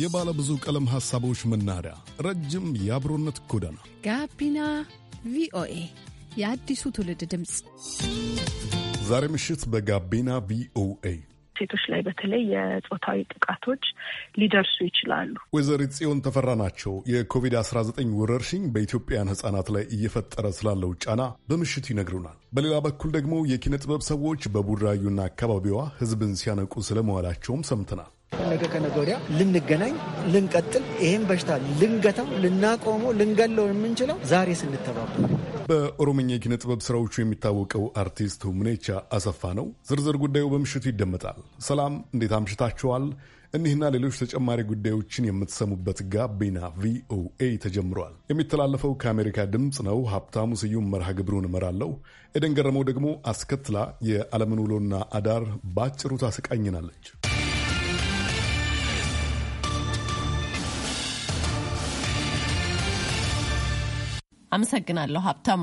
የባለ ብዙ ቀለም ሐሳቦች መናኸሪያ፣ ረጅም የአብሮነት ጎዳና ጋቢና ቪኦኤ የአዲሱ ትውልድ ድምፅ። ዛሬ ምሽት በጋቢና ቪኦኤ ሴቶች ላይ በተለይ የጾታዊ ጥቃቶች ሊደርሱ ይችላሉ። ወይዘሪት ጽዮን ተፈራ ናቸው። የኮቪድ-19 ወረርሽኝ በኢትዮጵያን ሕጻናት ላይ እየፈጠረ ስላለው ጫና በምሽቱ ይነግሩናል። በሌላ በኩል ደግሞ የኪነ ጥበብ ሰዎች በቡራዩና አካባቢዋ ሕዝብን ሲያነቁ ስለመዋላቸውም ሰምተናል። ነገ ከነገ ወዲያ ልንገናኝ፣ ልንቀጥል፣ ይህም በሽታ ልንገታው፣ ልናቆመው፣ ልንገለው የምንችለው ዛሬ ስንተባበር። በኦሮምኛ ኪነ ጥበብ ስራዎቹ የሚታወቀው አርቲስት ሁምኔቻ አሰፋ ነው። ዝርዝር ጉዳዩ በምሽቱ ይደመጣል። ሰላም፣ እንዴት አምሽታችኋል? እኒህና ሌሎች ተጨማሪ ጉዳዮችን የምትሰሙበት ጋቢና ቪኦኤ ተጀምሯል። የሚተላለፈው ከአሜሪካ ድምፅ ነው። ሀብታሙ ስዩም መርሃ ግብሩን እመራለሁ። ኤደን ገረመው ደግሞ አስከትላ የዓለምን ውሎና አዳር ባጭሩ ታስቃኝናለች። አመሰግናለሁ ሀብታሙ።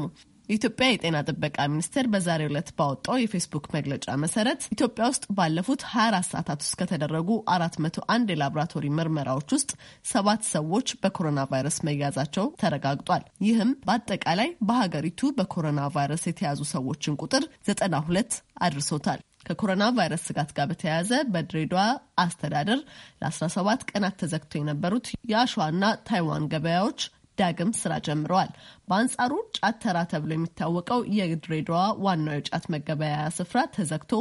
የኢትዮጵያ የጤና ጥበቃ ሚኒስቴር በዛሬው ዕለት ባወጣው የፌስቡክ መግለጫ መሰረት ኢትዮጵያ ውስጥ ባለፉት 24 ሰዓታት ውስጥ ከተደረጉ 401 የላቦራቶሪ ምርመራዎች ውስጥ ሰባት ሰዎች በኮሮና ቫይረስ መያዛቸው ተረጋግጧል። ይህም በአጠቃላይ በሀገሪቱ በኮሮና ቫይረስ የተያዙ ሰዎችን ቁጥር 92 አድርሶታል። ከኮሮና ቫይረስ ስጋት ጋር በተያያዘ በድሬዳዋ አስተዳደር ለ17 ቀናት ተዘግተው የነበሩት የአሸዋና ታይዋን ገበያዎች ዳግም ስራ ጀምረዋል። በአንጻሩ ጫት ተራ ተብሎ የሚታወቀው የድሬዳዋ ዋናው የጫት መገበያያ ስፍራ ተዘግቶ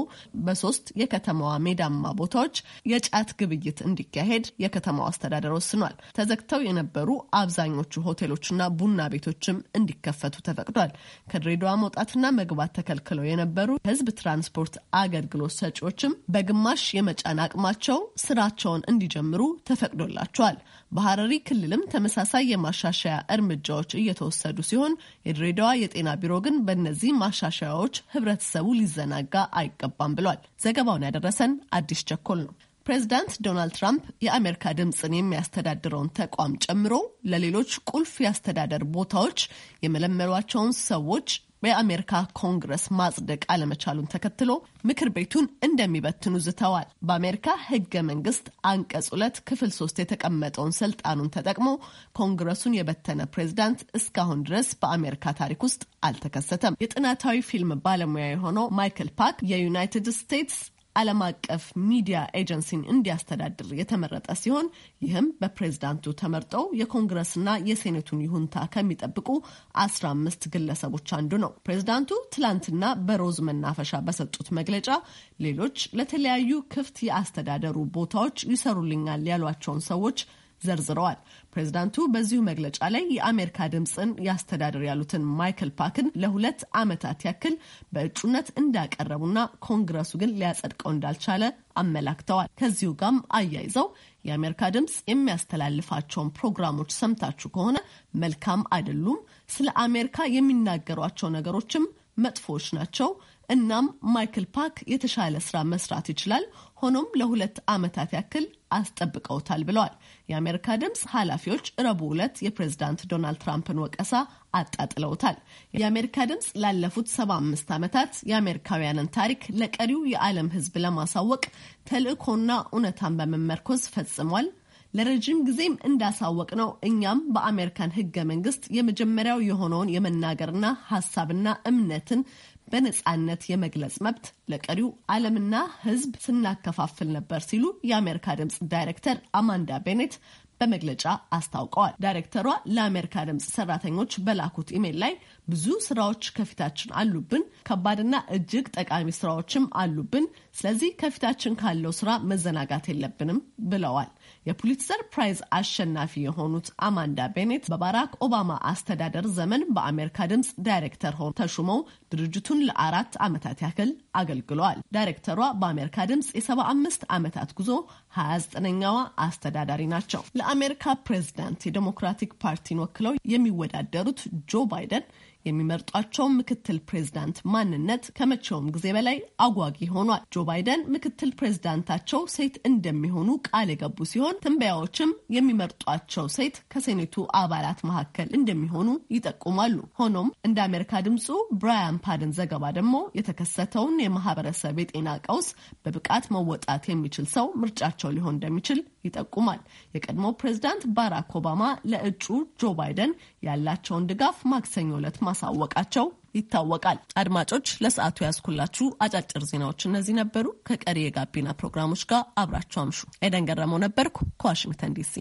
በሶስት የከተማዋ ሜዳማ ቦታዎች የጫት ግብይት እንዲካሄድ የከተማው አስተዳደር ወስኗል። ተዘግተው የነበሩ አብዛኞቹ ሆቴሎችና ቡና ቤቶችም እንዲከፈቱ ተፈቅዷል። ከድሬዳዋ መውጣትና መግባት ተከልክለው የነበሩ የህዝብ ትራንስፖርት አገልግሎት ሰጪዎችም በግማሽ የመጫን አቅማቸው ስራቸውን እንዲጀምሩ ተፈቅዶላቸዋል። በሐረሪ ክልልም ተመሳሳይ የማሻሻያ እርምጃዎች እየተወሰዱ የተወሰዱ ሲሆን የድሬዳዋ የጤና ቢሮ ግን በእነዚህ ማሻሻያዎች ህብረተሰቡ ሊዘናጋ አይገባም ብሏል። ዘገባውን ያደረሰን አዲስ ቸኮል ነው። ፕሬዚዳንት ዶናልድ ትራምፕ የአሜሪካ ድምፅን የሚያስተዳድረውን ተቋም ጨምሮ ለሌሎች ቁልፍ የአስተዳደር ቦታዎች የመለመሏቸውን ሰዎች በአሜሪካ ኮንግረስ ማጽደቅ አለመቻሉን ተከትሎ ምክር ቤቱን እንደሚበትኑ ዝተዋል። በአሜሪካ ህገ መንግስት አንቀጽ ሁለት ክፍል ሶስት የተቀመጠውን ስልጣኑን ተጠቅሞ ኮንግረሱን የበተነ ፕሬዝዳንት እስካሁን ድረስ በአሜሪካ ታሪክ ውስጥ አልተከሰተም። የጥናታዊ ፊልም ባለሙያ የሆነው ማይክል ፓክ የዩናይትድ ስቴትስ ዓለም አቀፍ ሚዲያ ኤጀንሲን እንዲያስተዳድር የተመረጠ ሲሆን ይህም በፕሬዝዳንቱ ተመርጠው የኮንግረስና የሴኔቱን ይሁንታ ከሚጠብቁ አስራ አምስት ግለሰቦች አንዱ ነው። ፕሬዝዳንቱ ትላንትና በሮዝ መናፈሻ በሰጡት መግለጫ ሌሎች ለተለያዩ ክፍት የአስተዳደሩ ቦታዎች ይሰሩልኛል ያሏቸውን ሰዎች ዘርዝረዋል። ፕሬዚዳንቱ በዚሁ መግለጫ ላይ የአሜሪካ ድምፅን ያስተዳድር ያሉትን ማይክል ፓክን ለሁለት ዓመታት ያክል በእጩነት እንዳቀረቡና ኮንግረሱ ግን ሊያጸድቀው እንዳልቻለ አመላክተዋል። ከዚሁ ጋም አያይዘው የአሜሪካ ድምፅ የሚያስተላልፋቸውን ፕሮግራሞች ሰምታችሁ ከሆነ መልካም አይደሉም፣ ስለ አሜሪካ የሚናገሯቸው ነገሮችም መጥፎዎች ናቸው። እናም ማይክል ፓክ የተሻለ ስራ መስራት ይችላል። ሆኖም ለሁለት ዓመታት ያክል አስጠብቀውታል ብለዋል። የአሜሪካ ድምፅ ኃላፊዎች ረቡዕ ዕለት የፕሬዝዳንት ዶናልድ ትራምፕን ወቀሳ አጣጥለውታል። የአሜሪካ ድምፅ ላለፉት ሰባ አምስት ዓመታት የአሜሪካውያንን ታሪክ ለቀሪው የዓለም ሕዝብ ለማሳወቅ ተልዕኮና እውነታን በመመርኮዝ ፈጽሟል። ለረዥም ጊዜም እንዳሳወቅ ነው። እኛም በአሜሪካን ህገ መንግስት የመጀመሪያው የሆነውን የመናገርና ሀሳብና እምነትን በነጻነት የመግለጽ መብት ለቀሪው ዓለምና ሕዝብ ስናከፋፍል ነበር ሲሉ የአሜሪካ ድምፅ ዳይሬክተር አማንዳ ቤኔት በመግለጫ አስታውቀዋል። ዳይሬክተሯ ለአሜሪካ ድምፅ ሰራተኞች በላኩት ኢሜል ላይ ብዙ ስራዎች ከፊታችን አሉብን፣ ከባድና እጅግ ጠቃሚ ስራዎችም አሉብን። ስለዚህ ከፊታችን ካለው ስራ መዘናጋት የለብንም ብለዋል። የፑሊትዘር ፕራይዝ አሸናፊ የሆኑት አማንዳ ቤኔት በባራክ ኦባማ አስተዳደር ዘመን በአሜሪካ ድምፅ ዳይሬክተር ሆነው ተሹመው ድርጅቱን ለአራት ዓመታት ያክል አገልግለዋል። ዳይሬክተሯ በአሜሪካ ድምፅ የሰባ አምስት ዓመታት ጉዞ 29ኛዋ አስተዳዳሪ ናቸው። ለአሜሪካ ፕሬዚዳንት የዴሞክራቲክ ፓርቲን ወክለው የሚወዳደሩት ጆ ባይደን የሚመርጧቸው ምክትል ፕሬዝዳንት ማንነት ከመቼውም ጊዜ በላይ አጓጊ ሆኗል። ጆ ባይደን ምክትል ፕሬዝዳንታቸው ሴት እንደሚሆኑ ቃል የገቡ ሲሆን ትንበያዎችም የሚመርጧቸው ሴት ከሴኔቱ አባላት መካከል እንደሚሆኑ ይጠቁማሉ። ሆኖም እንደ አሜሪካ ድምፁ ብራያን ፓደን ዘገባ ደግሞ የተከሰተውን የማህበረሰብ የጤና ቀውስ በብቃት መወጣት የሚችል ሰው ምርጫቸው ሊሆን እንደሚችል ይጠቁማል። የቀድሞ ፕሬዝዳንት ባራክ ኦባማ ለእጩ ጆ ባይደን ያላቸውን ድጋፍ ማክሰኞ ዕለት ማ ማሳወቃቸው ይታወቃል። አድማጮች፣ ለሰዓቱ ያዝኩላችሁ አጫጭር ዜናዎች እነዚህ ነበሩ። ከቀሪ የጋቢና ፕሮግራሞች ጋር አብራችሁ አምሹ። ኤደን ገረመው ነበርኩ ከዋሽንግተን ዲሲ።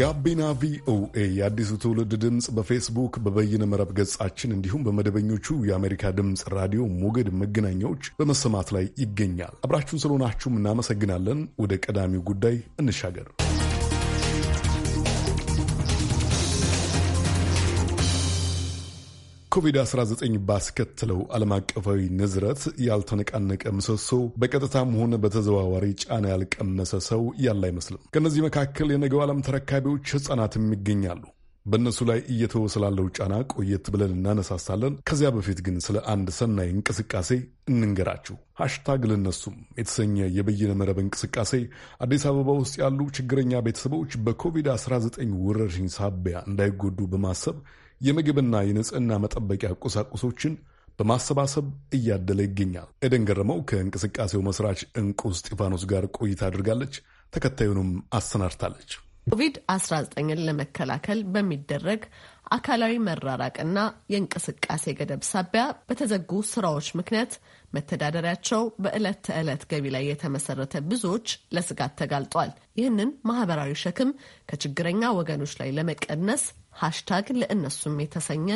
ጋቢና ቪኦኤ የአዲሱ ትውልድ ድምፅ በፌስቡክ በበይነ መረብ ገጻችን እንዲሁም በመደበኞቹ የአሜሪካ ድምፅ ራዲዮ ሞገድ መገናኛዎች በመሰማት ላይ ይገኛል። አብራችሁን ስለሆናችሁም እናመሰግናለን። ወደ ቀዳሚው ጉዳይ እንሻገር። ኮቪድ-19 ባስከተለው ዓለም አቀፋዊ ንዝረት ያልተነቃነቀ ምሰሶ በቀጥታም ሆነ በተዘዋዋሪ ጫና ያልቀመሰ ሰው ያለ አይመስልም። ከእነዚህ መካከል የነገው ዓለም ተረካቢዎች ሕፃናትም ይገኛሉ። በእነሱ ላይ እየተወ ስላለው ጫና ቆየት ብለን እናነሳሳለን። ከዚያ በፊት ግን ስለ አንድ ሰናይ እንቅስቃሴ እንንገራችሁ። ሃሽታግ ልነሱም የተሰኘ የበይነ መረብ እንቅስቃሴ አዲስ አበባ ውስጥ ያሉ ችግረኛ ቤተሰቦች በኮቪድ-19 ወረርሽኝ ሳቢያ እንዳይጎዱ በማሰብ የምግብና የንጽህና መጠበቂያ ቁሳቁሶችን በማሰባሰብ እያደለ ይገኛል። ኤደን ገረመው ከእንቅስቃሴው መስራች እንቁ እስጢፋኖስ ጋር ቆይታ አድርጋለች። ተከታዩንም አሰናድታለች። ኮቪድ-19ን ለመከላከል በሚደረግ አካላዊ መራራቅና የእንቅስቃሴ ገደብ ሳቢያ በተዘጉ ስራዎች ምክንያት መተዳደሪያቸው በዕለት ተዕለት ገቢ ላይ የተመሰረተ ብዙዎች ለስጋት ተጋልጧል። ይህንን ማህበራዊ ሸክም ከችግረኛ ወገኖች ላይ ለመቀነስ ሃሽታግ ለእነሱም የተሰኘ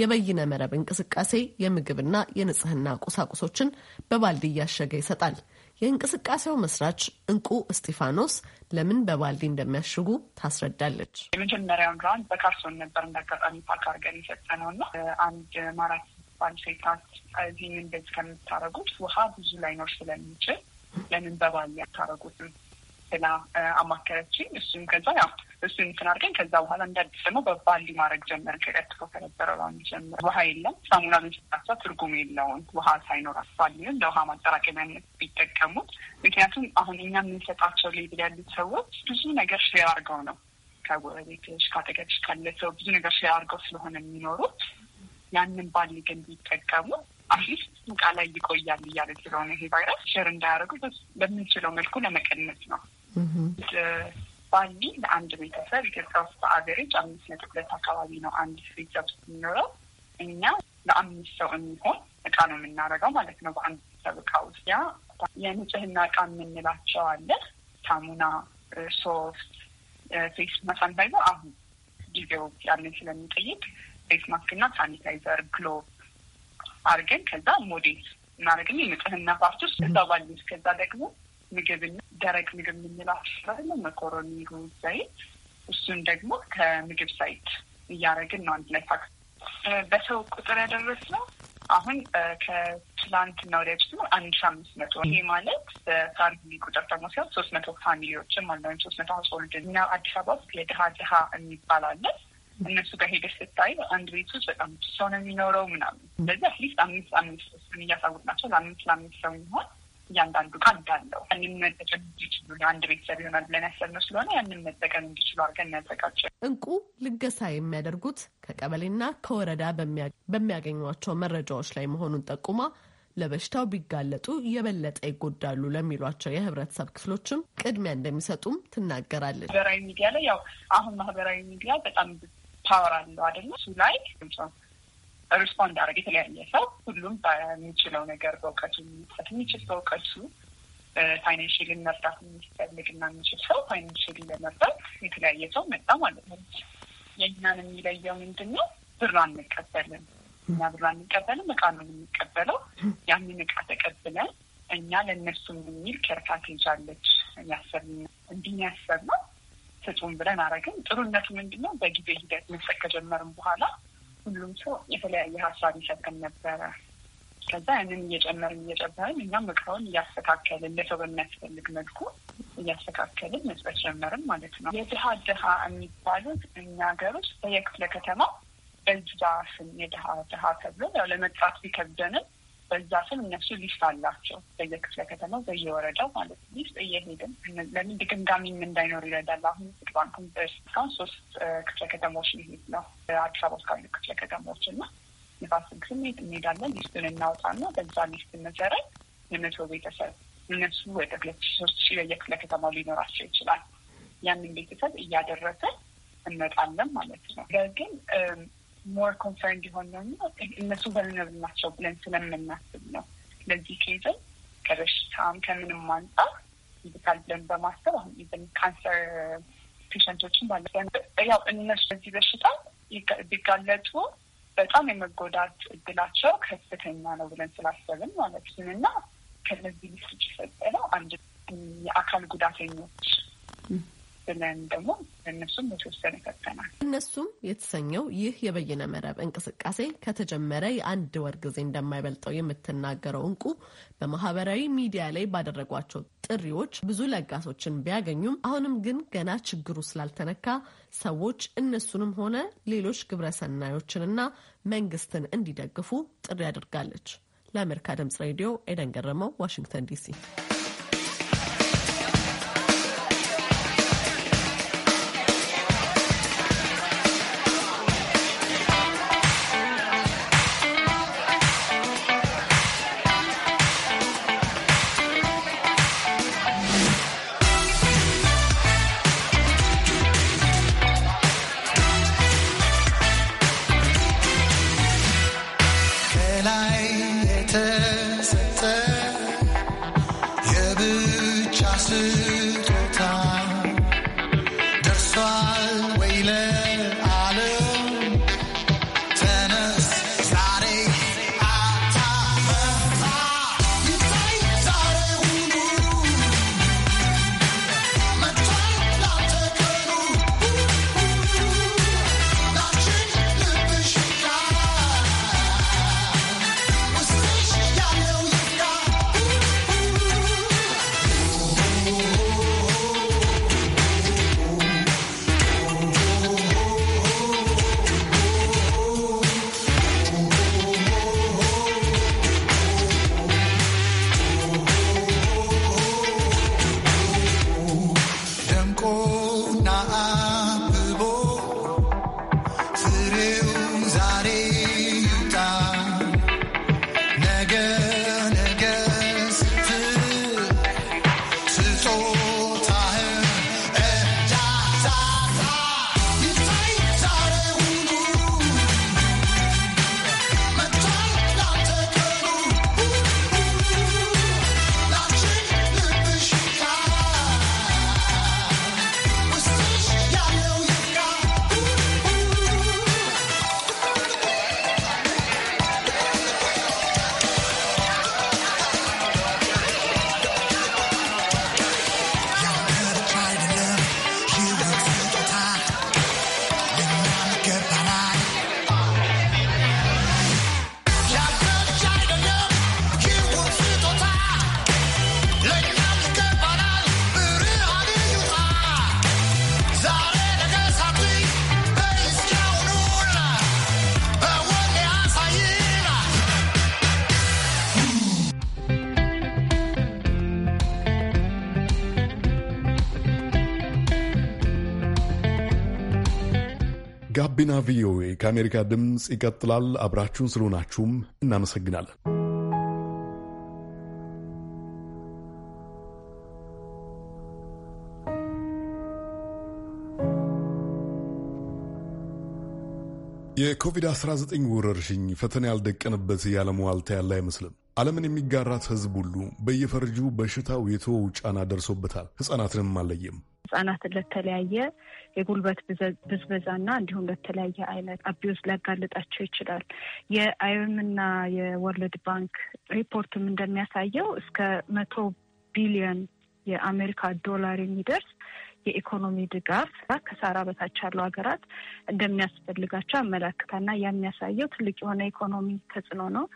የበይነ መረብ እንቅስቃሴ የምግብና የንጽህና ቁሳቁሶችን በባልዲ እያሸገ ይሰጣል። የእንቅስቃሴው መስራች እንቁ እስጢፋኖስ ለምን በባልዲ እንደሚያሽጉ ታስረዳለች። የመጀመሪያውን ራውንድ በካርሶን ነበር እንዳጋጣሚ ፓርክ አድርገን የሰጠነው እና አንድ ማራት ባልሴታት እዚህን እንደዚህ ከምታረጉት ውሃ ብዙ ላይኖር ስለሚችል ለምን በባልዲ አታረጉትም ብላ አማከረችኝ። እሱም ከዛ ያው እሱ እንትን አድርገን ከዛ በኋላ እንዳዲስ ደግሞ በባሊ ማድረግ ጀመር። ከቀጥፎ ከነበረ ራንድ ጀመር። ውሃ የለም ሳሙና ብንስጣሳ ትርጉም የለውም ውሃ ሳይኖራት ባሊንም ለውሃ ማጠራቀሚያነት ቢጠቀሙት። ምክንያቱም አሁን እኛ የምንሰጣቸው ሌብል ያሉት ሰዎች ብዙ ነገር ሼር አድርገው ነው ከጎረቤትሽ ካጠገብሽ ካለ ሰው ብዙ ነገር ሼር አድርገው ስለሆነ የሚኖሩት ያንን ባሊ ግን ቢጠቀሙ አትሊስት እቃ ላይ ይቆያል እያለ ስለሆነ ይሄ ቫይረስ ሼር እንዳያደርጉ በምንችለው መልኩ ለመቀነስ ነው። ባኒ ለአንድ ቤተሰብ ኢትዮጵያ ውስጥ በአቨሬጅ አምስት ነጥብ ሁለት አካባቢ ነው አንድ ቤተሰብ ውስጥ የሚኖረው። እኛ ለአምስት ሰው የሚሆን እቃ ነው የምናደርገው ማለት ነው። በአንድ ቤተሰብ እቃ ውስጥ ያ የንጽህና እቃ የምንላቸው አለ። ሳሙና፣ ሶፍት፣ ፌስ መሳን ሳኒታይዘር አሁን ጊዜው ያለን ስለሚጠይቅ ፌስ ማስክና ሳኒታይዘር ግሎ አድርገን ከዛ ሞዴል እናደርግን የንጽህና ፓርት ውስጥ እዛ ባሊ ከዛ ደግሞ ምግብና ደረቅ ምግብ የምንለው አስራለ መኮረኒ፣ ሩዝ፣ ዘይት እሱን ደግሞ ከምግብ ሳይት እያደረግን ነው አንድ ላይ ፋክ በሰው ቁጥር ያደረስ ነው። አሁን ከትላንትና ወዲያ ፊት አንድ ሺ አምስት መቶ ይሄ ማለት በፋሚሊ ቁጥር ደግሞ ሲሆን ሶስት መቶ ፋሚሊዎችም አለ ወይም ሶስት መቶ ሀውስሆልድ እና አዲስ አበባ ውስጥ የድሀ ድሀ የሚባል አለ። እነሱ ጋር ሄደ ስታይ አንድ ቤት ውስጥ በጣም ሰው ነው የሚኖረው ምናምን። ስለዚህ አትሊስት አምስት አምስት እሱን ናቸው ለአምስት ለአምስት ሰው የሚሆን እያንዳንዱ ጋር እንዳለው ያንን መጠቀም እንዲችሉ ለአንድ ቤተሰብ ይሆናል ብለን ያሰብነው ስለሆነ ያንን መጠቀም እንዲችሉ አድርገን እናዘጋጀው። እንቁ ልገሳ የሚያደርጉት ከቀበሌና ከወረዳ በሚያገኟቸው መረጃዎች ላይ መሆኑን ጠቁማ ለበሽታው ቢጋለጡ የበለጠ ይጎዳሉ ለሚሏቸው የህብረተሰብ ክፍሎችም ቅድሚያ እንደሚሰጡም ትናገራለች። ማህበራዊ ሚዲያ ላይ ያው አሁን ማህበራዊ ሚዲያ በጣም ፓወር አለው አይደለ? እሱ ላይ ሪስፖንድ አደረግ የተለያየ ሰው ሁሉም በሚችለው ነገር በእውቀቱ የሚሰት የሚችል ሰው ከሱ ፋይናንሽል መርዳት የሚፈልግ የሚፈልግና የሚችል ሰው ፋይናንሽል ለመርዳት የተለያየ ሰው መጣ ማለት ነው። የእኛን የሚለየው ምንድን ነው? ብር አንቀበልም። እኛ ብር አንቀበልም፣ እቃ ነው የምንቀበለው። ያንን እቃ ተቀብለን እኛ ለእነሱም የሚል ኬር ፓኬጅ አለች ያሰብ እንዲህ ያሰብ ነው ስጡን ብለን አረግን። ጥሩነቱ ምንድን ነው? በጊዜ ሂደት መሰቅ ከጀመርም በኋላ ሁሉም ሰው የተለያየ ሀሳብ ይሰጠን ነበረ። ከዛ ያንን እየጨመርን እየጨመርን እኛም እቃውን እያስተካከልን ለሰው በሚያስፈልግ መልኩ እያስተካከልን መስጠት ጀመርን ማለት ነው። የድሀ ድሀ የሚባሉት እኛ ሀገር ውስጥ በየክፍለ ከተማ በዛ ስም የድሀ ድሀ ተብሎ ያው ለመጥራት ቢከብደንም በዛ ስም እነሱ ሊስት አላቸው በየክፍለ ከተማው በየወረዳው ማለት ሊስት እየሄድን ለምን ግምጋሚም እንዳይኖር ይረዳል። አሁን ንግድ ባንክም እስካሁን ሶስት ክፍለ ከተማዎች ሊሄድ ነው አዲስ አበባ ውስጥ ካሉ ክፍለ ከተማዎች እና ንፋስ ስንክስም እንሄዳለን። ሊስቱን እናወጣና በዛ ሊስት መሰረት የመቶ ቤተሰብ እነሱ ወደ ሁለት ሺ ሶስት ሺ በየክፍለ ከተማው ሊኖራቸው ይችላል። ያንን ቤተሰብ እያደረሰ እንመጣለን ማለት ነው ግን ሞር ኮንሰርን እንዲሆን ነው እና እነሱ በንነብ ናቸው ብለን ስለምናስብ ነው። ስለዚህ ኬዝም ከበሽታም ከምንም አንጻር ይልካል ብለን በማሰብ አሁን ኢቨን ካንሰር ፔሽንቶችን ባለ ያው እነሱ በዚህ በሽታ ቢጋለጡ በጣም የመጎዳት እድላቸው ከፍተኛ ነው ብለን ስላሰብን ማለት ነው እና ከነዚህ ሊስች ይሰጠ ነው አንድ የአካል ጉዳተኞች ብለን ደግሞ እነሱም የተወሰነ ፈተናል። እነሱም የተሰኘው ይህ የበይነ መረብ እንቅስቃሴ ከተጀመረ የአንድ ወር ጊዜ እንደማይበልጠው የምትናገረው እንቁ በማህበራዊ ሚዲያ ላይ ባደረጓቸው ጥሪዎች ብዙ ለጋሶችን ቢያገኙም አሁንም ግን ገና ችግሩ ስላልተነካ ሰዎች እነሱንም ሆነ ሌሎች ግብረሰናዮችንና መንግስትን እንዲደግፉ ጥሪ አድርጋለች። ለአሜሪካ ድምጽ ሬዲዮ ኤደን ገረመው፣ ዋሽንግተን ዲሲ ከአሜሪካ ድምፅ ይቀጥላል። አብራችሁን ስለሆናችሁም እናመሰግናለን። የኮቪድ-19 ወረርሽኝ ፈተና ያልደቀንበት የዓለም ዋልታ ያለ አይመስልም። ዓለምን የሚጋራት ሕዝብ ሁሉ በየፈርጁ በሽታው የተወው ጫና ደርሶበታል። ሕፃናትንም አለየም። ህጻናት ለተለያየ የጉልበት ብዝበዛና እንዲሁም ለተለያየ አይነት አቢዩዝ ሊያጋልጣቸው ይችላል። የአይምና የወርልድ ባንክ ሪፖርትም እንደሚያሳየው እስከ መቶ ቢሊዮን የአሜሪካ ዶላር የሚደርስ የኢኮኖሚ ድጋፍ ከሳራ በታች ያሉ ሀገራት እንደሚያስፈልጋቸው ያመላክታልና የሚያሳየው ትልቅ የሆነ ኢኮኖሚ ተጽዕኖ ነው።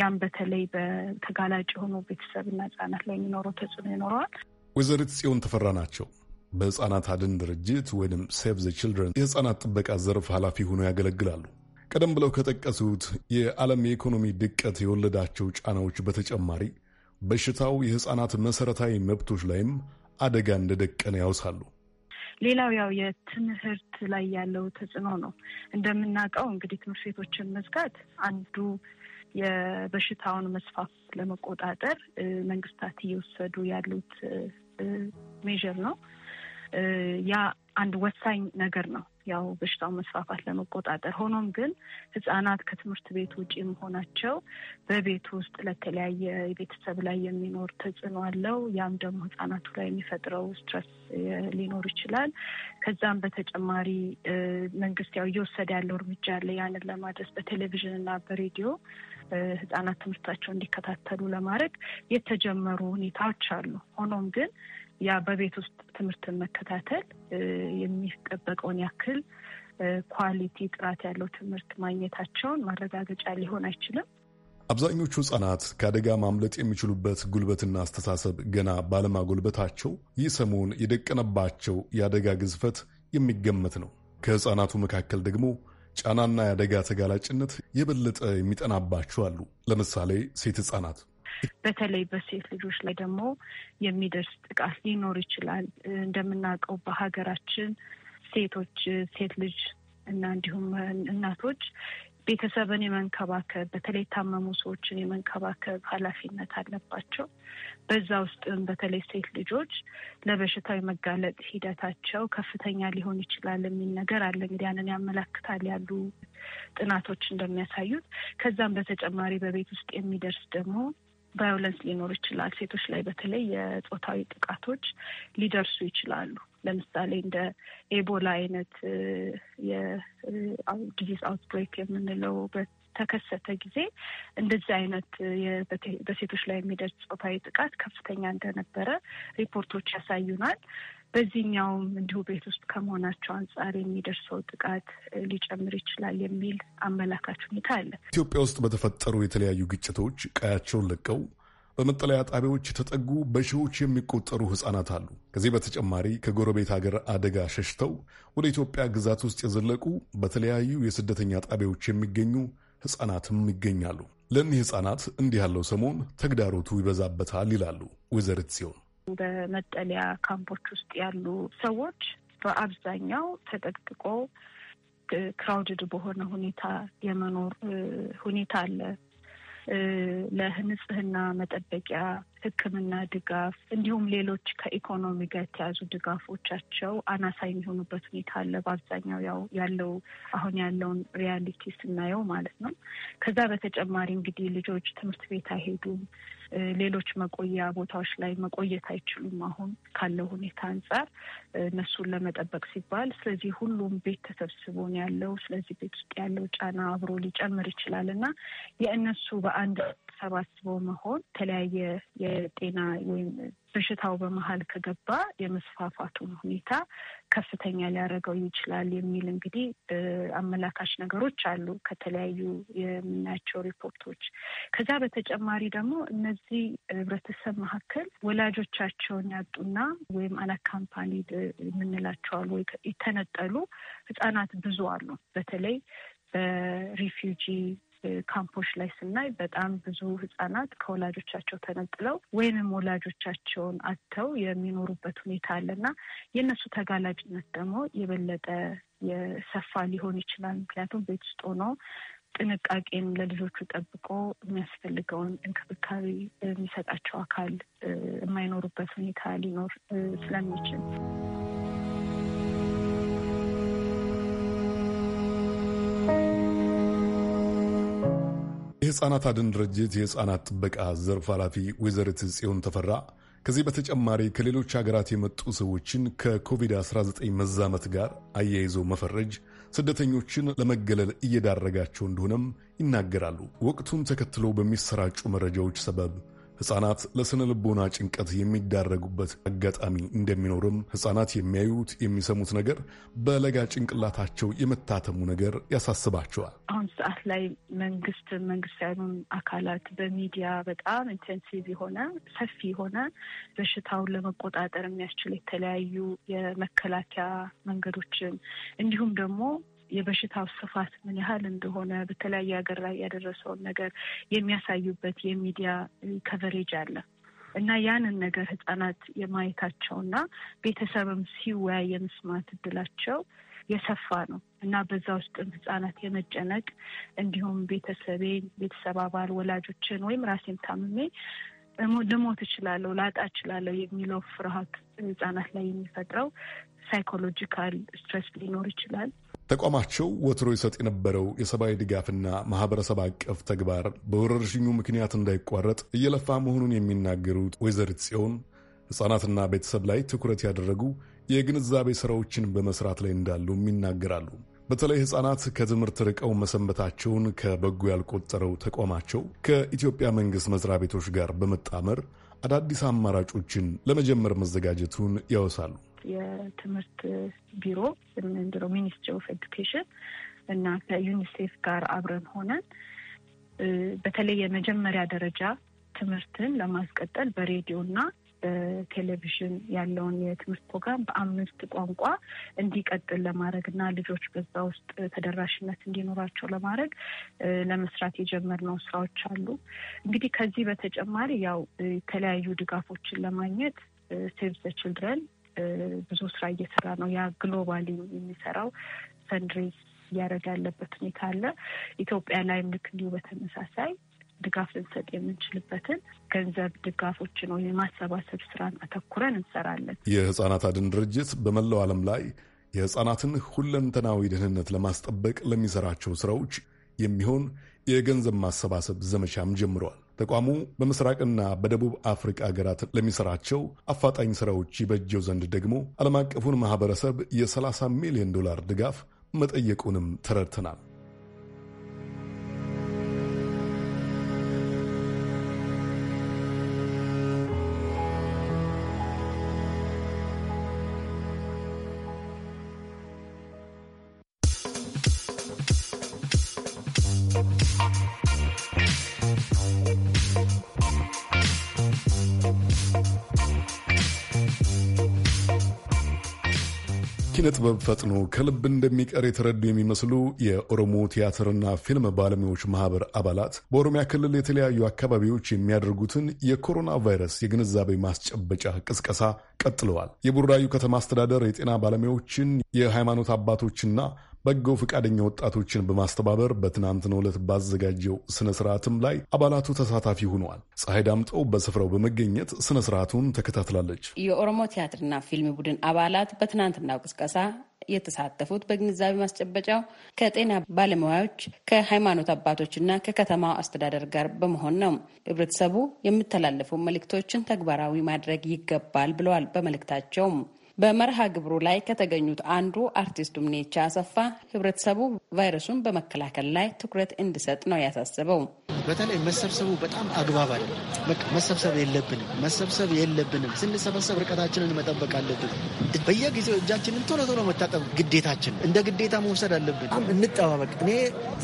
ያም በተለይ በተጋላጭ የሆኑ ቤተሰብና ህጻናት ላይ የሚኖረው ተጽዕኖ ይኖረዋል። ወይዘሪት ጽዮን ተፈራ ናቸው። በህፃናት አድን ድርጅት ወይም ሴቭ ዘ ችልድረን ጥበቃ ዘርፍ ኃላፊ ሆነው ያገለግላሉ። ቀደም ብለው ከጠቀሱት የዓለም የኢኮኖሚ ድቀት የወለዳቸው ጫናዎች በተጨማሪ በሽታው የህፃናት መሠረታዊ መብቶች ላይም አደጋ እንደደቀነ ያውሳሉ። ሌላው ያው የትምህርት ላይ ያለው ተጽዕኖ ነው። እንደምናውቀው እንግዲህ ትምህርት ቤቶችን መዝጋት አንዱ የበሽታውን መስፋፍ ለመቆጣጠር መንግስታት እየወሰዱ ያሉት ሜዥር ነው። ያ አንድ ወሳኝ ነገር ነው ያው በሽታው መስፋፋት ለመቆጣጠር። ሆኖም ግን ህጻናት ከትምህርት ቤት ውጪ መሆናቸው በቤት ውስጥ ለተለያየ ቤተሰብ ላይ የሚኖር ተጽዕኖ አለው። ያም ደግሞ ህጻናቱ ላይ የሚፈጥረው ስትረስ ሊኖር ይችላል። ከዛም በተጨማሪ መንግስት ያው እየወሰደ ያለው እርምጃ አለ። ያንን ለማድረስ በቴሌቪዥን እና በሬዲዮ ህጻናት ትምህርታቸው እንዲከታተሉ ለማድረግ የተጀመሩ ሁኔታዎች አሉ። ሆኖም ግን ያ በቤት ውስጥ ትምህርትን መከታተል የሚጠበቀውን ያክል ኳሊቲ ጥራት ያለው ትምህርት ማግኘታቸውን ማረጋገጫ ሊሆን አይችልም። አብዛኞቹ ህጻናት ከአደጋ ማምለጥ የሚችሉበት ጉልበትና አስተሳሰብ ገና ባለማጎልበታቸው ይህ ሰሞን የደቀነባቸው የአደጋ ግዝፈት የሚገመት ነው። ከህጻናቱ መካከል ደግሞ ጫናና የአደጋ ተጋላጭነት የበለጠ የሚጠናባቸው አሉ። ለምሳሌ ሴት ህጻናት በተለይ በሴት ልጆች ላይ ደግሞ የሚደርስ ጥቃት ሊኖር ይችላል። እንደምናውቀው በሀገራችን ሴቶች ሴት ልጅ እና እንዲሁም እናቶች ቤተሰብን የመንከባከብ በተለይ የታመሙ ሰዎችን የመንከባከብ ኃላፊነት አለባቸው። በዛ ውስጥም በተለይ ሴት ልጆች ለበሽታው የመጋለጥ ሂደታቸው ከፍተኛ ሊሆን ይችላል የሚል ነገር አለ። እንግዲህ ያንን ያመላክታል ያሉ ጥናቶች እንደሚያሳዩት። ከዛም በተጨማሪ በቤት ውስጥ የሚደርስ ደግሞ ቫዮለንስ ሊኖር ይችላል። ሴቶች ላይ በተለይ የጾታዊ ጥቃቶች ሊደርሱ ይችላሉ። ለምሳሌ እንደ ኤቦላ አይነት የዲዚዝ አውትብሬክ የምንለው ተከሰተ ጊዜ እንደዚህ አይነት በሴቶች ላይ የሚደርስ ጾታዊ ጥቃት ከፍተኛ እንደነበረ ሪፖርቶች ያሳዩናል። በዚህኛውም እንዲሁ ቤት ውስጥ ከመሆናቸው አንጻር የሚደርሰው ጥቃት ሊጨምር ይችላል የሚል አመላካች ሁኔታ አለ። ኢትዮጵያ ውስጥ በተፈጠሩ የተለያዩ ግጭቶች ቀያቸውን ለቀው በመጠለያ ጣቢያዎች የተጠጉ በሺዎች የሚቆጠሩ ሕጻናት አሉ። ከዚህ በተጨማሪ ከጎረቤት ሀገር አደጋ ሸሽተው ወደ ኢትዮጵያ ግዛት ውስጥ የዘለቁ በተለያዩ የስደተኛ ጣቢያዎች የሚገኙ ሕጻናትም ይገኛሉ። ለእኒህ ሕጻናት እንዲህ ያለው ሰሞን ተግዳሮቱ ይበዛበታል ይላሉ ወይዘሪት ሲሆን በመጠለያ ካምፖች ውስጥ ያሉ ሰዎች በአብዛኛው ተጠቅጥቆ ክራውድድ በሆነ ሁኔታ የመኖር ሁኔታ አለ። ለንጽህና መጠበቂያ፣ ሕክምና ድጋፍ እንዲሁም ሌሎች ከኢኮኖሚ ጋር የተያዙ ድጋፎቻቸው አናሳ የሚሆኑበት ሁኔታ አለ። በአብዛኛው ያው ያለው አሁን ያለውን ሪያሊቲ ስናየው ማለት ነው። ከዛ በተጨማሪ እንግዲህ ልጆች ትምህርት ቤት አይሄዱም። ሌሎች መቆያ ቦታዎች ላይ መቆየት አይችሉም። አሁን ካለው ሁኔታ አንጻር እነሱን ለመጠበቅ ሲባል ስለዚህ ሁሉም ቤት ተሰብስቦን ያለው ስለዚህ ቤት ውስጥ ያለው ጫና አብሮ ሊጨምር ይችላል እና የእነሱ በአንድ ተሰባስቦ መሆን የተለያየ የጤና ወይም በሽታው በመሀል ከገባ የመስፋፋቱን ሁኔታ ከፍተኛ ሊያደርገው ይችላል የሚል እንግዲህ አመላካች ነገሮች አሉ ከተለያዩ የምናያቸው ሪፖርቶች። ከዛ በተጨማሪ ደግሞ እነዚህ ህብረተሰብ መካከል ወላጆቻቸውን ያጡና ወይም አላካምፓኒ የምንላቸው ወይ የተነጠሉ ህጻናት ብዙ አሉ በተለይ በሪፊውጂ ካምፖች ላይ ስናይ በጣም ብዙ ህጻናት ከወላጆቻቸው ተነጥለው ወይንም ወላጆቻቸውን አጥተው የሚኖሩበት ሁኔታ አለና የእነሱ ተጋላጭነት ደግሞ የበለጠ የሰፋ ሊሆን ይችላል። ምክንያቱም ቤት ውስጥ ሆኖ ጥንቃቄን ለልጆቹ ጠብቆ የሚያስፈልገውን እንክብካቤ የሚሰጣቸው አካል የማይኖሩበት ሁኔታ ሊኖር ስለሚችል የህፃናት አድን ድርጅት የህፃናት ጥበቃ ዘርፍ ኃላፊ ወይዘሪት ጽዮን ተፈራ ከዚህ በተጨማሪ ከሌሎች ሀገራት የመጡ ሰዎችን ከኮቪድ-19 መዛመት ጋር አያይዞ መፈረጅ ስደተኞችን ለመገለል እየዳረጋቸው እንደሆነም ይናገራሉ። ወቅቱን ተከትሎ በሚሰራጩ መረጃዎች ሰበብ ሕጻናት ለስነ ልቦና ጭንቀት የሚዳረጉበት አጋጣሚ እንደሚኖርም ሕጻናት የሚያዩት የሚሰሙት ነገር በለጋ ጭንቅላታቸው የመታተሙ ነገር ያሳስባቸዋል። አሁን ሰዓት ላይ መንግስት፣ መንግስት ያሉን አካላት በሚዲያ በጣም ኢንቴንሲቭ የሆነ ሰፊ የሆነ በሽታውን ለመቆጣጠር የሚያስችል የተለያዩ የመከላከያ መንገዶችን እንዲሁም ደግሞ የበሽታው ስፋት ምን ያህል እንደሆነ በተለያየ ሀገር ላይ ያደረሰውን ነገር የሚያሳዩበት የሚዲያ ከቨሬጅ አለ እና ያንን ነገር ህጻናት እና ቤተሰብም ሲወያይ የመስማት እድላቸው የሰፋ ነው እና በዛ ውስጥም ህጻናት የመጨነቅ እንዲሁም ቤተሰቤን፣ ቤተሰብ አባል ወላጆችን፣ ወይም ራሴን ታምሜ ልሞት እችላለሁ፣ ላጣ እችላለሁ የሚለው ፍርሃት ህጻናት ላይ የሚፈጥረው ሳይኮሎጂካል ስትረስ ሊኖር ይችላል። ተቋማቸው ወትሮ ይሰጥ የነበረው የሰብአዊ ድጋፍና ማህበረሰብ አቀፍ ተግባር በወረርሽኙ ምክንያት እንዳይቋረጥ እየለፋ መሆኑን የሚናገሩት ወይዘሪት ጽዮን ሕጻናትና ቤተሰብ ላይ ትኩረት ያደረጉ የግንዛቤ ሥራዎችን በመስራት ላይ እንዳሉም ይናገራሉ። በተለይ ሕጻናት ከትምህርት ርቀው መሰንበታቸውን ከበጎ ያልቆጠረው ተቋማቸው ከኢትዮጵያ መንግሥት መስሪያ ቤቶች ጋር በመጣመር አዳዲስ አማራጮችን ለመጀመር መዘጋጀቱን ያወሳሉ። የትምህርት ቢሮ ምንድሮ ሚኒስትሪ ኦፍ ኤዱኬሽን እና ከዩኒሴፍ ጋር አብረን ሆነን በተለይ የመጀመሪያ ደረጃ ትምህርትን ለማስቀጠል በሬዲዮ እና በቴሌቪዥን ያለውን የትምህርት ፕሮግራም በአምስት ቋንቋ እንዲቀጥል ለማድረግ እና ልጆች በዛ ውስጥ ተደራሽነት እንዲኖራቸው ለማድረግ ለመስራት የጀመርነው ስራዎች አሉ። እንግዲህ ከዚህ በተጨማሪ ያው የተለያዩ ድጋፎችን ለማግኘት ሴቭ ዘ ችልድረን ብዙ ስራ እየሰራ ነው። ያ ግሎባሊ የሚሰራው ፈንድሬዝ እያደረገ ያለበት ሁኔታ አለ። ኢትዮጵያ ላይም ልክ እንዲሁ በተመሳሳይ ድጋፍ ልንሰጥ የምንችልበትን ገንዘብ ድጋፎችን ነው የማሰባሰብ ስራን አተኩረን እንሰራለን። የህጻናት አድን ድርጅት በመላው ዓለም ላይ የህጻናትን ሁለንተናዊ ደህንነት ለማስጠበቅ ለሚሰራቸው ስራዎች የሚሆን የገንዘብ ማሰባሰብ ዘመቻም ጀምረዋል። ተቋሙ በምስራቅና በደቡብ አፍሪካ ሀገራት ለሚሰራቸው አፋጣኝ ስራዎች ይበጀው ዘንድ ደግሞ ዓለም አቀፉን ማህበረሰብ የ30 ሚሊዮን ዶላር ድጋፍ መጠየቁንም ተረድተናል። ጥበብ ፈጥኖ ከልብ እንደሚቀር የተረዱ የሚመስሉ የኦሮሞ ቲያትርና ፊልም ባለሙያዎች ማህበር አባላት በኦሮሚያ ክልል የተለያዩ አካባቢዎች የሚያደርጉትን የኮሮና ቫይረስ የግንዛቤ ማስጨበጫ ቅስቀሳ ቀጥለዋል። የቡራዩ ከተማ አስተዳደር የጤና ባለሙያዎችን፣ የሃይማኖት አባቶችና በጎ ፈቃደኛ ወጣቶችን በማስተባበር በትናንትናው ዕለት ባዘጋጀው ስነ ስርዓትም ላይ አባላቱ ተሳታፊ ሆነዋል። ፀሐይ ዳምጠው በስፍራው በመገኘት ስነ ስርዓቱን ተከታትላለች። የኦሮሞ ቲያትርና ፊልም ቡድን አባላት በትናንትናው ቅስቀሳ የተሳተፉት በግንዛቤ ማስጨበጫው ከጤና ባለሙያዎች፣ ከሃይማኖት አባቶችና ከከተማው አስተዳደር ጋር በመሆን ነው። ህብረተሰቡ የሚተላለፉ መልእክቶችን ተግባራዊ ማድረግ ይገባል ብለዋል። በመልእክታቸውም በመርሃ ግብሩ ላይ ከተገኙት አንዱ አርቲስት ዱምኔቻ አሰፋ ህብረተሰቡ ቫይረሱን በመከላከል ላይ ትኩረት እንዲሰጥ ነው ያሳስበው። በተለይ መሰብሰቡ በጣም አግባብ አይደለም። መሰብሰብ የለብንም መሰብሰብ የለብንም። ስንሰበሰብ ርቀታችንን መጠበቅ አለብን። በየጊዜው እጃችንን ቶሎ ቶሎ መታጠብ ግዴታችን እንደ ግዴታ መውሰድ አለብን። እንጠባበቅ። እኔ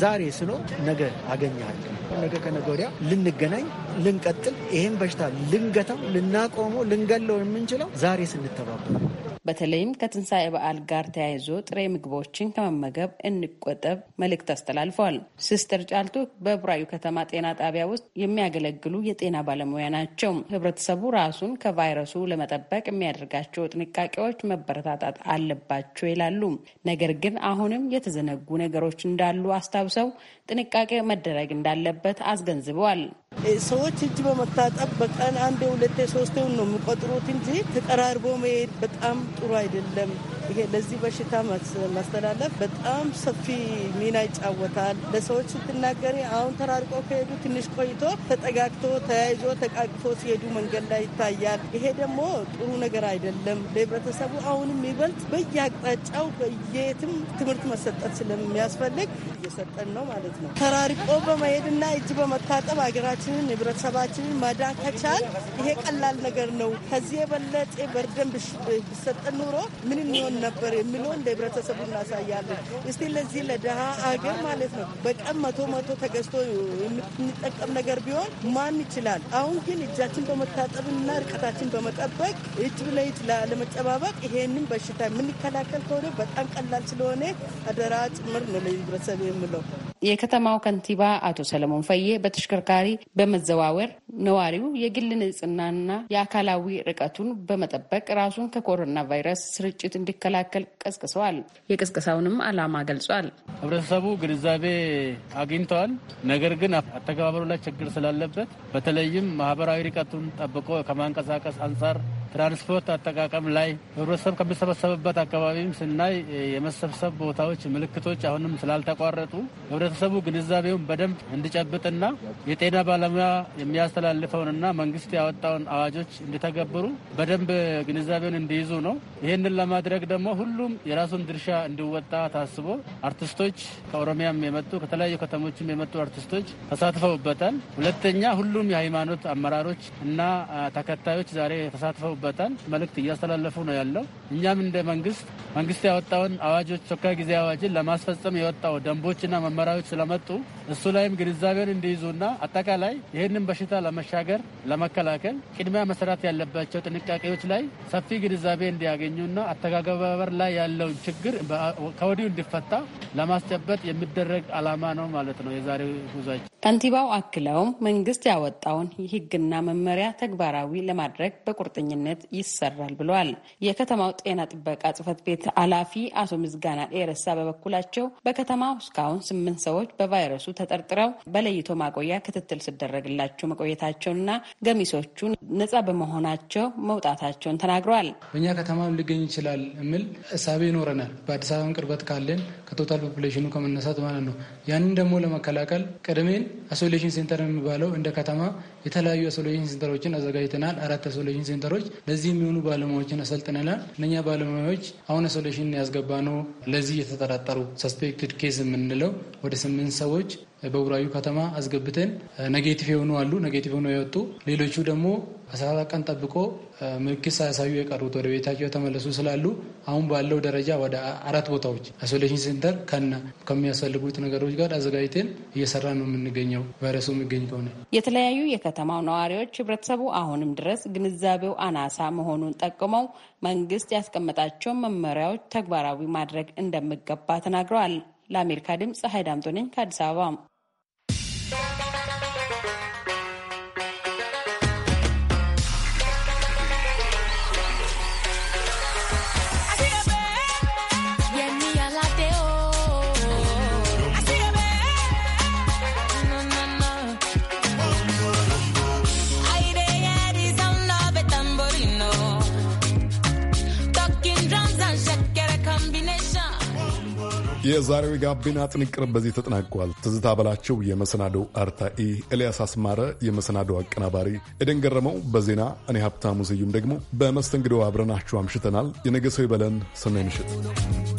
ዛሬ ስሎ ነገ አገኘሃለሁ፣ ነገ ከነገ ወዲያ ልንገናኝ፣ ልንቀጥል፣ ይህን በሽታ ልንገታው፣ ልናቆመው፣ ልንገለው የምንችለው ዛሬ ስንተባበቅ በተለይም ከትንሣኤ በዓል ጋር ተያይዞ ጥሬ ምግቦችን ከመመገብ እንቆጠብ መልእክት አስተላልፈዋል። ሲስተር ጫልቱ በቡራዩ ከተማ ጤና ጣቢያ ውስጥ የሚያገለግሉ የጤና ባለሙያ ናቸው። ህብረተሰቡ ራሱን ከቫይረሱ ለመጠበቅ የሚያደርጋቸው ጥንቃቄዎች መበረታታት አለባቸው ይላሉ። ነገር ግን አሁንም የተዘነጉ ነገሮች እንዳሉ አስታውሰው ጥንቃቄ መደረግ እንዳለበት አስገንዝበዋል። ሰዎች እጅ በመታጠብ በቀን አንዴ፣ ሁለቴ፣ ሶስቴውን ነው የሚቆጥሩት እንጂ ተቀራርቦ መሄድ በጣም ጥሩ አይደለም ይሄ ለዚህ በሽታ ማስተላለፍ በጣም ሰፊ ሚና ይጫወታል። ለሰዎች ስትናገሪ አሁን ተራርቆ ከሄዱ ትንሽ ቆይቶ ተጠጋግቶ ተያይዞ ተቃቅፎ ሲሄዱ መንገድ ላይ ይታያል። ይሄ ደግሞ ጥሩ ነገር አይደለም። ለህብረተሰቡ አሁንም ይበልጥ በየአቅጣጫው በየትም ትምህርት መሰጠት ስለሚያስፈልግ እየሰጠን ነው ማለት ነው። ተራርቆ በመሄድና እጅ በመታጠብ ሀገራችንን ህብረተሰባችንን ማዳ ከቻል ይሄ ቀላል ነገር ነው። ከዚህ የበለጠ በርደን ብሰጠን ኑሮ ምንም ይሆን ነበር የሚለው እንደ ህብረተሰቡ እናሳያለን። እስቲ ለዚህ ለድሀ አገር ማለት ነው በቀን መቶ መቶ ተገዝቶ የምንጠቀም ነገር ቢሆን ማን ይችላል? አሁን ግን እጃችን በመታጠብና እርቀታችን በመጠበቅ እጅ ለእጅ ለመጨባበቅ ይሄንን በሽታ የምንከላከል ከሆነ በጣም ቀላል ስለሆነ አደራ ጭምር ነው ለህብረተሰብ የምለው። የከተማው ከንቲባ አቶ ሰለሞን ፈዬ በተሽከርካሪ በመዘዋወር ነዋሪው የግል ንጽህናና የአካላዊ ርቀቱን በመጠበቅ ራሱን ከኮሮና ቫይረስ ስርጭት እንዲከላከል ቀስቅሰዋል። የቅስቀሳውንም ዓላማ ገልጿል። ህብረተሰቡ ግንዛቤ አግኝተዋል። ነገር ግን አተገባበሩ ላይ ችግር ስላለበት በተለይም ማህበራዊ ርቀቱን ጠብቆ ከማንቀሳቀስ አንጻር ትራንስፖርት አጠቃቀም ላይ ህብረተሰብ ከሚሰበሰብበት አካባቢም ስናይ የመሰብሰብ ቦታዎች ምልክቶች አሁንም ስላልተቋረጡ ህብረተሰቡ ግንዛቤውን በደንብ እንዲጨብጥና የጤና ባለሙያ የሚያስተላልፈውንና መንግስት ያወጣውን አዋጆች እንዲተገብሩ በደንብ ግንዛቤውን እንዲይዙ ነው። ይህንን ለማድረግ ደግሞ ሁሉም የራሱን ድርሻ እንዲወጣ ታስቦ አርቲስቶች ከኦሮሚያም የመጡ ከተለያዩ ከተሞችም የመጡ አርቲስቶች ተሳትፈውበታል። ሁለተኛ ሁሉም የሃይማኖት አመራሮች እና ተከታዮች ዛሬ ተሳትፈው ደርሰውበታል። መልእክት እያስተላለፉ ነው ያለው። እኛም እንደ መንግስት መንግስት ያወጣውን አዋጆች፣ አስቸኳይ ጊዜ አዋጅን ለማስፈጸም የወጣው ደንቦችና መመሪያዎች ስለመጡ እሱ ላይም ግንዛቤን እንዲይዙና አጠቃላይ ይህንን በሽታ ለመሻገር ለመከላከል ቅድሚያ መሰራት ያለባቸው ጥንቃቄዎች ላይ ሰፊ ግንዛቤ እንዲያገኙና አተገባበር ላይ ያለውን ችግር ከወዲሁ እንዲፈታ ለማስጨበጥ የሚደረግ ዓላማ ነው ማለት ነው የዛሬው ጉዟቸው። ከንቲባው አክለውም መንግስት ያወጣውን የህግና መመሪያ ተግባራዊ ለማድረግ በቁርጠኝነት ይሰራል ብለዋል። የከተማው ጤና ጥበቃ ጽፈት ቤት ኃላፊ አቶ ምዝጋና ኤረሳ በበኩላቸው በከተማው እስካሁን ስምንት ሰዎች በቫይረሱ ተጠርጥረው በለይቶ ማቆያ ክትትል ሲደረግላቸው መቆየታቸውንና ገሚሶቹ ነጻ በመሆናቸው መውጣታቸውን ተናግረዋል። በእኛ ከተማም ሊገኝ ይችላል የሚል እሳቤ ይኖረናል። በአዲስ አበባም ቅርበት ካለን ከቶታል ፖፕሌሽኑ ከመነሳት ማለት ነው። ያንን ደግሞ ለመከላከል ቅድሜን አሶሌሽን ሴንተር የሚባለው እንደ ከተማ የተለያዩ አሶሌሽን ሴንተሮችን አዘጋጅተናል። አራት አሶሌሽን ሴንተሮች ለዚህ የሚሆኑ ባለሙያዎችን አሰልጥነናል። እነኛ ባለሙያዎች አሁን አሶሌሽን ያስገባ ነው። ለዚህ የተጠራጠሩ ሰስፔክትድ ኬስ የምንለው ወደ ስምንት ሰዎች በቡራዩ ከተማ አስገብተን ነጌቲቭ የሆኑ አሉ፣ ነጌቲቭ ሆኖ የወጡ ሌሎቹ ደግሞ አስራ ቀን ጠብቆ ምልክት ሳያሳዩ የቀሩት ወደ ቤታቸው የተመለሱ ስላሉ አሁን ባለው ደረጃ ወደ አራት ቦታዎች አይሶሌሽን ሴንተር ከነ ከሚያስፈልጉት ነገሮች ጋር አዘጋጅተን እየሰራ ነው የምንገኘው። ቫይረሱ የሚገኝ ከሆነ የተለያዩ የከተማው ነዋሪዎች ህብረተሰቡ አሁንም ድረስ ግንዛቤው አናሳ መሆኑን ጠቅመው መንግስት ያስቀመጣቸው መመሪያዎች ተግባራዊ ማድረግ እንደሚገባ ተናግረዋል። ለአሜሪካ ድምፅ ፀሐይ ዳምጦ ነኝ ከአዲስ አበባ የዛሬው የጋቢና ጥንቅር በዚህ ተጠናቋል። ትዝታ በላቸው የመሰናዶው አርታኢ፣ ኤልያስ አስማረ የመሰናዶው አቀናባሪ፣ ኤደን ገረመው በዜና እኔ ሀብታሙ ስዩም ደግሞ በመስተንግዶ አብረናችሁ አምሽተናል። የነገ ሰው ይበለን። ሰናይ ምሽት